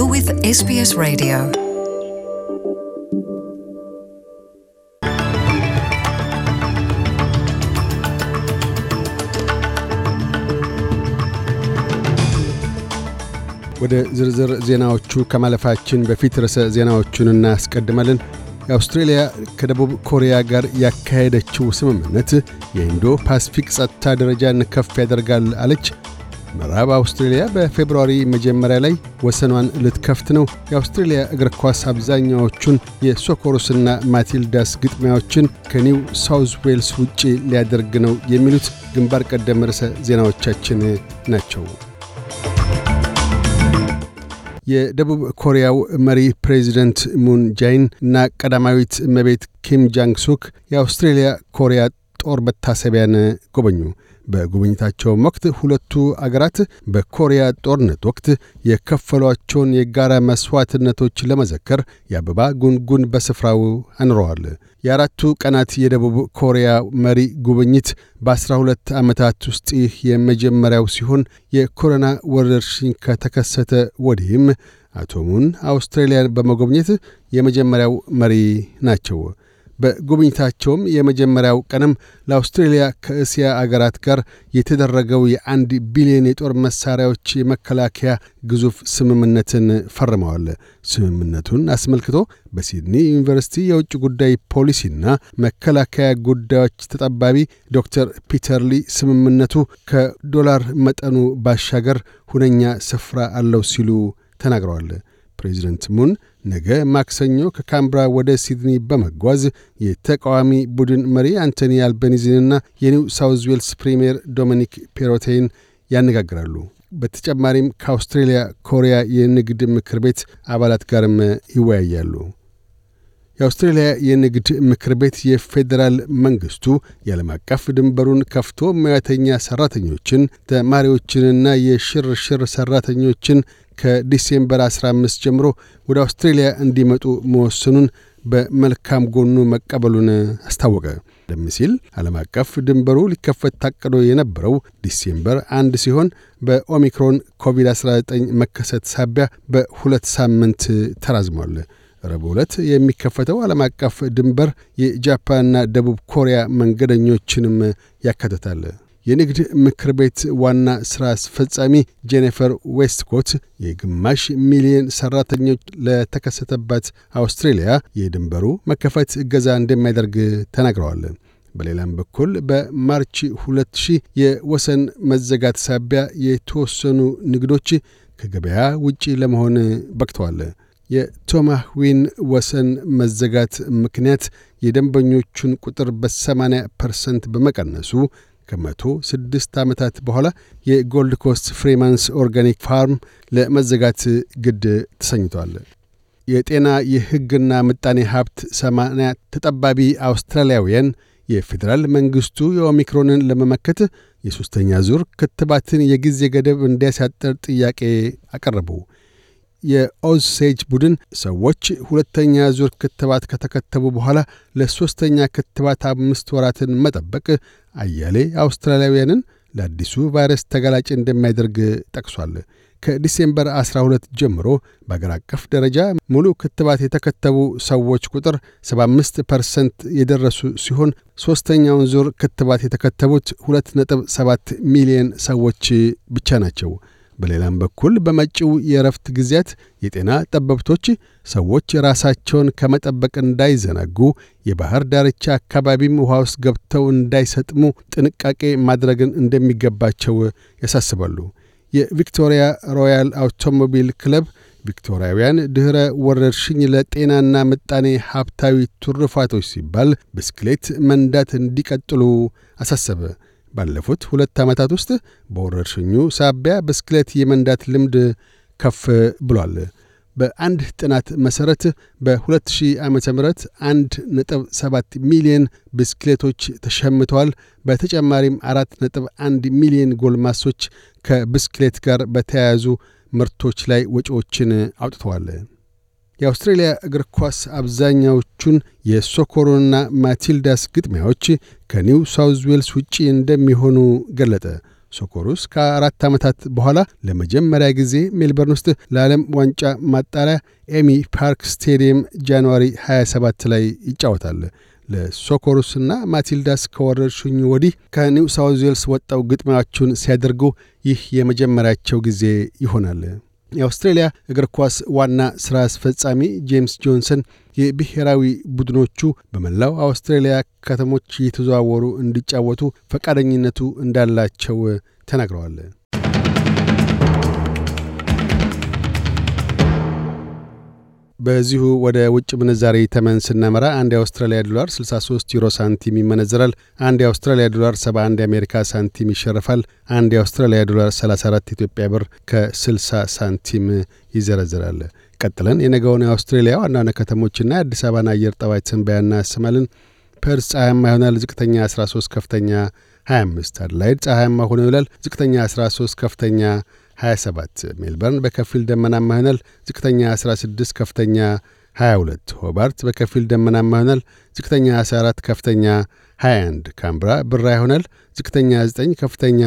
You're with SBS Radio. ወደ ዝርዝር ዜናዎቹ ከማለፋችን በፊት ርዕሰ ዜናዎቹን እናስቀድማለን። የአውስትሬልያ ከደቡብ ኮሪያ ጋር ያካሄደችው ስምምነት የኢንዶ ፓስፊክ ጸጥታ ደረጃን ከፍ ያደርጋል አለች። ምዕራብ አውስትሬልያ በፌብርዋሪ መጀመሪያ ላይ ወሰኗን ልትከፍት ነው። የአውስትሬልያ እግር ኳስ አብዛኛዎቹን የሶኮሩስና ማቲልዳስ ግጥሚያዎችን ከኒው ሳውዝ ዌልስ ውጪ ሊያደርግ ነው የሚሉት ግንባር ቀደም ርዕሰ ዜናዎቻችን ናቸው። የደቡብ ኮሪያው መሪ ፕሬዚደንት ሙን ጃይን እና ቀዳማዊት እመቤት ኪም ጃንግ ሱክ የአውስትሬልያ ኮሪያ ጦር መታሰቢያን ጎበኙ። በጉብኝታቸውም ወቅት ሁለቱ አገራት በኮሪያ ጦርነት ወቅት የከፈሏቸውን የጋራ መሥዋዕትነቶች ለመዘከር የአበባ ጉንጉን በስፍራው አኑረዋል። የአራቱ ቀናት የደቡብ ኮሪያ መሪ ጉብኝት በ12 ዓመታት ውስጥ ይህ የመጀመሪያው ሲሆን የኮሮና ወረርሽኝ ከተከሰተ ወዲህም አቶሙን አውስትራሊያን በመጎብኘት የመጀመሪያው መሪ ናቸው። በጉብኝታቸውም የመጀመሪያው ቀንም ለአውስትሬልያ ከእስያ አገራት ጋር የተደረገው የአንድ ቢሊዮን የጦር መሳሪያዎች የመከላከያ ግዙፍ ስምምነትን ፈርመዋል። ስምምነቱን አስመልክቶ በሲድኒ ዩኒቨርሲቲ የውጭ ጉዳይ ፖሊሲና መከላከያ ጉዳዮች ተጠባቢ ዶክተር ፒተር ሊ ስምምነቱ ከዶላር መጠኑ ባሻገር ሁነኛ ስፍራ አለው ሲሉ ተናግረዋል። ፕሬዚደንት ሙን ነገ ማክሰኞ ከካምብራ ወደ ሲድኒ በመጓዝ የተቃዋሚ ቡድን መሪ አንቶኒ አልበኒዝንና የኒው ሳውዝ ዌልስ ፕሪምየር ዶሚኒክ ፔሮቴይን ያነጋግራሉ። በተጨማሪም ከአውስትሬልያ ኮሪያ የንግድ ምክር ቤት አባላት ጋርም ይወያያሉ። የአውስትሬልያ የንግድ ምክር ቤት የፌዴራል መንግስቱ የዓለም አቀፍ ድንበሩን ከፍቶ ሙያተኛ ሠራተኞችን፣ ተማሪዎችንና የሽርሽር ሠራተኞችን ከዲሴምበር 15 ጀምሮ ወደ አውስትሬልያ እንዲመጡ መወሰኑን በመልካም ጎኑ መቀበሉን አስታወቀ። ቀደም ሲል ዓለም አቀፍ ድንበሩ ሊከፈት ታቅዶ የነበረው ዲሴምበር አንድ ሲሆን በኦሚክሮን ኮቪድ-19 መከሰት ሳቢያ በሁለት ሳምንት ተራዝሟል። ረቡዕ ዕለት የሚከፈተው ዓለም አቀፍ ድንበር የጃፓንና ደቡብ ኮሪያ መንገደኞችንም ያካትታል። የንግድ ምክር ቤት ዋና ሥራ አስፈጻሚ ጄኒፈር ዌስትኮት የግማሽ ሚሊዮን ሠራተኞች ለተከሰተባት አውስትሬልያ የድንበሩ መከፈት እገዛ እንደሚያደርግ ተናግረዋል። በሌላም በኩል በማርች 2000 የወሰን መዘጋት ሳቢያ የተወሰኑ ንግዶች ከገበያ ውጪ ለመሆን በቅተዋል። የቶማዊን ወሰን መዘጋት ምክንያት የደንበኞቹን ቁጥር በ80 ፐርሰንት በመቀነሱ ከመቶ ስድስት ዓመታት በኋላ የጎልድ ኮስት ፍሪማንስ ኦርጋኒክ ፋርም ለመዘጋት ግድ ተሰኝቷል። የጤና የሕግና ምጣኔ ሀብት ሰማንያ ተጠባቢ አውስትራሊያውያን የፌዴራል መንግሥቱ የኦሚክሮንን ለመመከት የሦስተኛ ዙር ክትባትን የጊዜ ገደብ እንዲያሳጠር ጥያቄ አቀረቡ። የኦዝሴጅ ቡድን ሰዎች ሁለተኛ ዙር ክትባት ከተከተቡ በኋላ ለሦስተኛ ክትባት አምስት ወራትን መጠበቅ አያሌ አውስትራሊያውያንን ለአዲሱ ቫይረስ ተጋላጭ እንደሚያደርግ ጠቅሷል። ከዲሴምበር 12 ጀምሮ በአገር አቀፍ ደረጃ ሙሉ ክትባት የተከተቡ ሰዎች ቁጥር 75 ፐርሰንት የደረሱ ሲሆን ሦስተኛውን ዙር ክትባት የተከተቡት 2.7 ሚሊዮን ሰዎች ብቻ ናቸው። በሌላም በኩል በመጪው የእረፍት ጊዜያት የጤና ጠበብቶች ሰዎች ራሳቸውን ከመጠበቅ እንዳይዘነጉ፣ የባህር ዳርቻ አካባቢም ውኃ ውስጥ ገብተው እንዳይሰጥሙ ጥንቃቄ ማድረግን እንደሚገባቸው ያሳስባሉ። የቪክቶሪያ ሮያል አውቶሞቢል ክለብ ቪክቶሪያውያን ድኅረ ወረርሽኝ ለጤናና ምጣኔ ሀብታዊ ትሩፋቶች ሲባል ብስክሌት መንዳት እንዲቀጥሉ አሳሰበ። ባለፉት ሁለት ዓመታት ውስጥ በወረርሽኙ ሳቢያ ብስክሌት የመንዳት ልምድ ከፍ ብሏል። በአንድ ጥናት መሠረት በ2000 ዓ ም 1.7 ሚሊዮን ብስክሌቶች ተሸምተዋል። በተጨማሪም 4.1 ሚሊዮን ጎልማሶች ከብስክሌት ጋር በተያያዙ ምርቶች ላይ ወጪዎችን አውጥተዋል። የአውስትሬልያ እግር ኳስ አብዛኛዎቹን የሶኮሮና ማቲልዳስ ግጥሚያዎች ከኒው ሳውዝ ዌልስ ውጪ እንደሚሆኑ ገለጠ። ሶኮሩስ ከአራት ዓመታት በኋላ ለመጀመሪያ ጊዜ ሜልበርን ውስጥ ለዓለም ዋንጫ ማጣሪያ ኤሚ ፓርክ ስቴዲየም ጃንዋሪ 27 ላይ ይጫወታል። ለሶኮሩስና ማቲልዳስ ከወረርሽኙ ወዲህ ከኒው ሳውዝ ዌልስ ወጣው ግጥሚያቸውን ሲያደርጉ ይህ የመጀመሪያቸው ጊዜ ይሆናል። የአውስትሬሊያ እግር ኳስ ዋና ሥራ አስፈጻሚ ጄምስ ጆንሰን የብሔራዊ ቡድኖቹ በመላው አውስትሬሊያ ከተሞች እየተዘዋወሩ እንዲጫወቱ ፈቃደኝነቱ እንዳላቸው ተናግረዋል። በዚሁ ወደ ውጭ ምንዛሬ ተመን ስናመራ አንድ የአውስትራሊያ ዶላር 63 ዩሮ ሳንቲም ይመነዘራል። አንድ የአውስትራሊያ ዶላር 71 የአሜሪካ ሳንቲም ይሸርፋል። አንድ የአውስትራሊያ ዶላር 34 ኢትዮጵያ ብር ከ60 ሳንቲም ይዘረዝራል። ቀጥለን የነገውን የአውስትሬሊያ ዋና ዋና ከተሞችና የአዲስ አበባን አየር ጠባይ ትንበያ እናሰማለን። ፐርስ ፀሐያማ ይሆናል። ዝቅተኛ 13፣ ከፍተኛ 25። አደላይድ ፀሐያማ ሆኖ ይውላል። ዝቅተኛ 13፣ ከፍተኛ 27 ሜልበርን በከፊል ደመናማ ይሆናል። ዝቅተኛ 16 ከፍተኛ 22 ሆባርት በከፊል ደመናማ ይሆናል። ዝቅተኛ 14 ከፍተኛ 21 ካምብራ ብራ ይሆናል። ዝቅተኛ 9 ከፍተኛ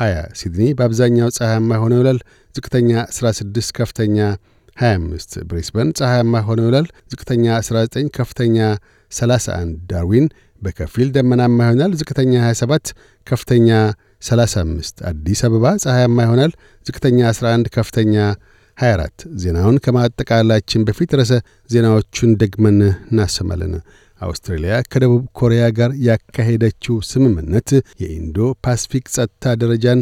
20 ሲድኒ በአብዛኛው ፀሐያማ ሆኖ ይውላል። ዝቅተኛ 16 ከፍተኛ 25 ብሪስበን ፀሐያማ ሆኖ ይውላል። ዝቅተኛ 19 ከፍተኛ 31 ዳርዊን በከፊል ደመናማ ይሆናል። ዝቅተኛ 27 ከፍተኛ 35 አዲስ አበባ ፀሐያማ ይሆናል። ዝቅተኛ 11 ከፍተኛ 24 ዜናውን ከማጠቃላችን በፊት ርዕሰ ዜናዎቹን ደግመን እናሰማለን። አውስትራሊያ ከደቡብ ኮሪያ ጋር ያካሄደችው ስምምነት የኢንዶ ፓስፊክ ጸጥታ ደረጃን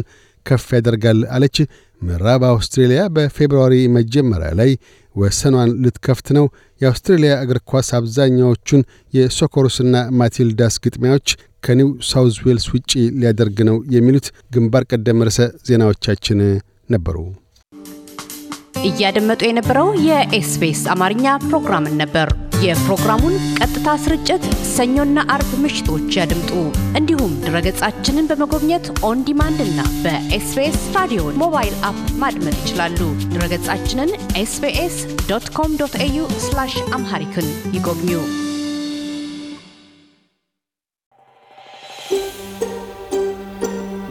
ከፍ ያደርጋል አለች። ምዕራብ አውስትሬልያ በፌብርዋሪ መጀመሪያ ላይ ወሰኗን ልትከፍት ነው። የአውስትሬልያ እግር ኳስ አብዛኛዎቹን የሶኮሩስና ማቲልዳስ ግጥሚያዎች ከኒው ሳውዝ ዌልስ ውጪ ሊያደርግ ነው የሚሉት ግንባር ቀደም ርዕሰ ዜናዎቻችን ነበሩ። እያደመጡ የነበረው የኤስቢኤስ አማርኛ ፕሮግራምን ነበር። የፕሮግራሙን ቀጥታ ስርጭት ሰኞና አርብ ምሽቶች ያድምጡ። እንዲሁም ድረገጻችንን በመጎብኘት ኦን ዲማንድ እና በኤስቢኤስ ራዲዮ ሞባይል አፕ ማድመጥ ይችላሉ። ድረገጻችንን ኤስቢኤስ ዶት ኮም ዶት ኤዩ አምሃሪክን ይጎብኙ።